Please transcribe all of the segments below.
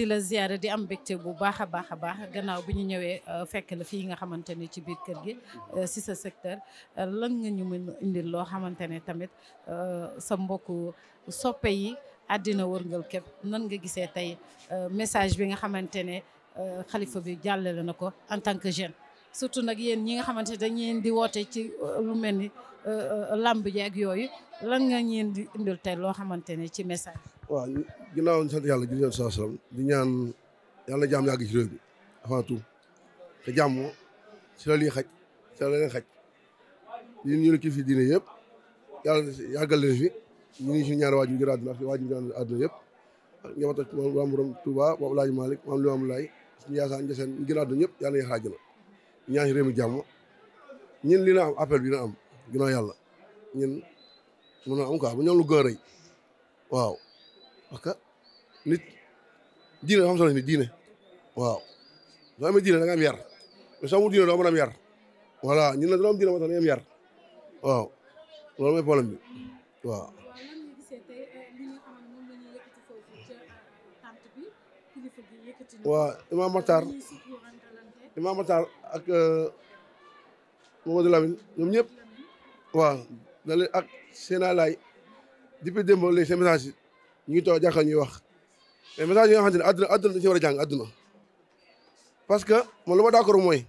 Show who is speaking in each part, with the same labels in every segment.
Speaker 1: di la ziyaare di am mbégte bu baax a baax a baax gannaaw bi ñu ñëwee euh, fekk la fii nga xamante ne ci biir kër gi euh, si sa secteur euh, lan nga ñu mën indil loo xamante ne tamit sa mbokk soppe yi àddina wërngal képp nan nga gisee tey message bi nga xamante ne xalifa bi jàllale na ko en tant que jeune surtout nag yéen ñi nga xamante dañ leen di woote ci lu mel ni làmb ji ak yooyu lan nga ñeen di indil tey loo xamante ne ci message ginnaaw ñu sant yàlla julli yoon saa salaam di ñaan yàlla jàmm yàgg ci réew bi avant tout te jàmm si la lii xaj si la leen xaj ñun ñu ne kii fi diine yëpp yàlla yàggal leen fi ñu ngi si ñaari waajur jër àdduna ak waajur jër àdduna yëpp ak ñëwaat ak maam borom Touba boobu Laaji Malick maam Limaamu Laay suñu yaasaan njëseen ñu gën a àdduna ñëpp yàlla na yaxaaj na ñaan si réew mi jàmm ñun li na am appel bi na am ginnaaw yàlla ñun mun na am quoi bu ñoom lu gën a rëy waaw parce que nit diine dafa am solo nit diine waaw soo amee diine da nga am yar mais soo amul diine doo mën a am yar voilà waaw loolu mooy problème bi waaw. waaw Imam Matar ak euh, Mamadou Lamine ñoom ñëpp waaw da leen ak Sénalaay depuis démb léegi seen ñu ngi a jàkkaar ñuy wax mais message yi nga xamante war a jàng àdduna parce que lu ma d'accord mooy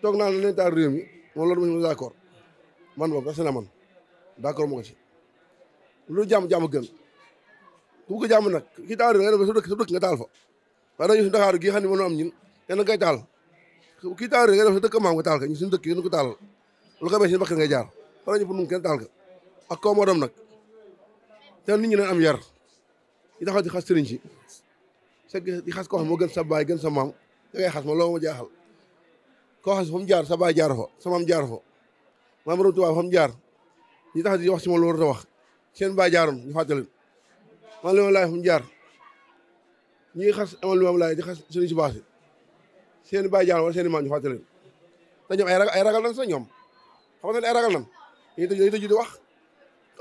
Speaker 1: toog naa ne leen taal réew mi moom loolu mooy d'accord man boobu parce que man d'accord moo ko ci lu jàmm jàmm gën bu ko jàmm nag ki taal réew mi sa dëkk sa dëkk nga taal fa waaye dañu suñu Dakar gii xam ne mënu taal kii ka ñu suñu dëkk yéen ko taal lu ko ñu pour nu kenn taal ka ak doom nag te nit ñi dañ am yar ñu taxaw di xas sëriñ si sa di xas ko xam moo gën sa baay gën sa maam da ngay xas ma loolu ma jaaxal koo xas fa mu jaar sa baay jaar fa sa maam jaar fa maam Rome Tuubaa jaar ñu taxaw wax si wax seen baay jaaroon jaar ñi ngi xas amal li ma laaj di xas sëriñ si baasi seen baay jaaroon wala seen maam ñu fàttali te ñoom ay ragal nan sa ñoom xam nga ne ay ragal nan dañuy tëj di wax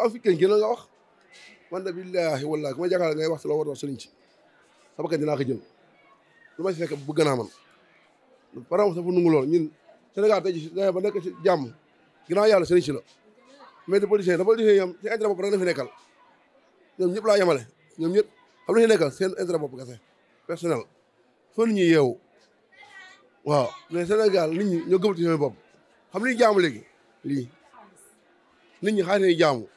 Speaker 1: am fi kenn gën la nga wax. man de billaahi wallaahi ku ma jàkkaarloo ngay wax si loo war wax sëriñ ci sama lu ma si fekk bëgg naa man par exemple dafa nungu lool ñun Sénégal tey jii ba nekk ci jàmm ginnaaw yàlla sëriñ ci la mais de politicien dafa politicien ñoom seen intérêt bopp rek la ñëpp laa yemale ñoom ñëpp xam lu ñu nekkal seen intérêt bopp kese personnel foo nit ñi yeewu waaw mais Sénégal nit ñi ñoo gëmati seen bopp xam li ñu jaamu léegi lii ni ñi xaalis nañu jaamu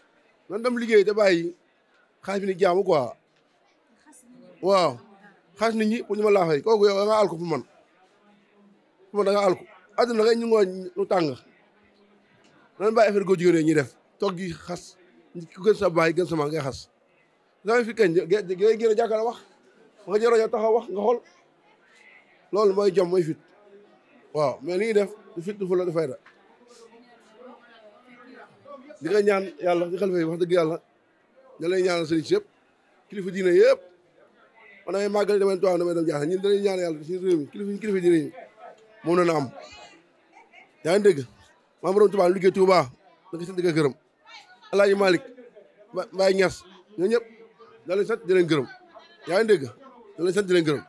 Speaker 1: nan dem liggéey te bàyyi xaalis bi ni jaamu quoi waaw ñi pour ma laa fay kooku yow da ngaa àll ko fu man fu man da ngaa àll ko àdduna ngay ñu ngoo lu tàng nan bàyyi affaire góor jigéen ñuy def toog gi xas ku gën sa baay gën sa maam ngay xas dama fi kañ ngay gën a wax nga jël rajo wax nga xool mooy jom mooy fit waaw mais li ñuy def du fit du fulla du fayda di nga ñaan yàlla di xalifa yi wax dëgg yàlla da lay ñaanal sëriñ si yëpp kilifa diine yëpp man damay màggal damay tuwaaw damay dem jaaxle ñun da lay ñaanal yàlla si réew mi kilifa kilifa diine yi moom na na am yaa ngi dégg maam borom Tuubaa liggéey Tuubaa da ko sant dëgg gërëm Alaaji Malick Mbaye Niass ñoo ñëpp da leen sant di leen gërëm yaa ngi dégg da leen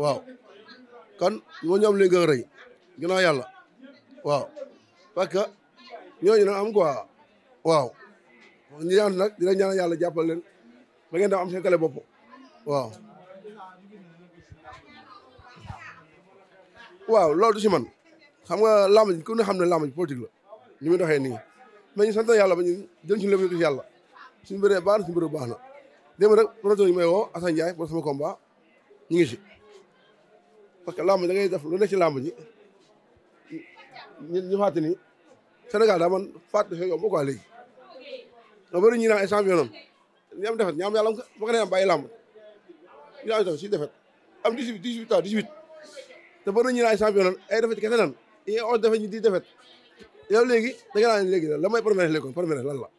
Speaker 1: waaw kan moo ñu am leen gën a rëy ginnaaw yàlla waaw bon ñi ñaan nag dina yàlla jàppal leen ba ngeen dam am seen kale bopp waaw waaw loolu du si man xam nga làmb ji ne xam ne làmb ji politique la ñu muy doxee nii mais ñu sant yàlla ba ñu jël suñu lépp yëkkati yàlla suñu bëree baax na suñu bëree baax na démb rek promoteur yi may woo Assane Ndiaye pour sama combat ñu ngi si parce que làmb da ngay def lu nekk ci làmb ji ñu ni Sénégal daa man fàttali yow moo dafa bëri ñu naan ay champion am ñu am defet ñu am yàlla ma ko nee am bàyyi làmb ñu am defet am dix huit dix huit ans dix huit te bëri ñu naan ay champion am ay defet kese nan yee on defet ñu di defet yaa léegi da nga naan léegi la may première léegi kon première lan la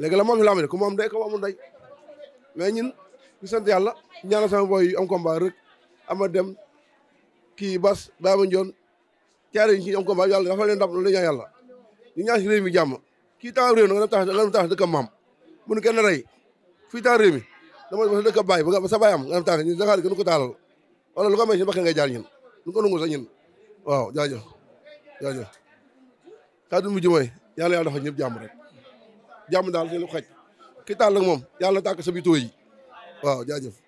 Speaker 1: léegi la moo fi làmb de ku mu am day ku mu mais ñun ñu sant yàlla ñaanal sama boy am combat rek dem kii bas baba njoon caare yi ci am combat yàlla dafa leen dab loolu la ñaan yàlla ñu ñaan si réew mi jàmm kii temps na mi nga dem tax nga dem tax dëkk maam bu fii temps réew mi dama ba sa dëkk baay ba nga sa baay am nga dem tax ñun Dakar gënu ko taalal wala lu ko may si bakkan ngay jaar ñun lu ko nangu sax ñun waaw jaajëf jaajëf kàddu mujj mooy yàlla yàlla dafa ñëpp jàmm rek jàmm daal seen lu xaj ki taal nag moom yàlla tàkk sa bi tooy yi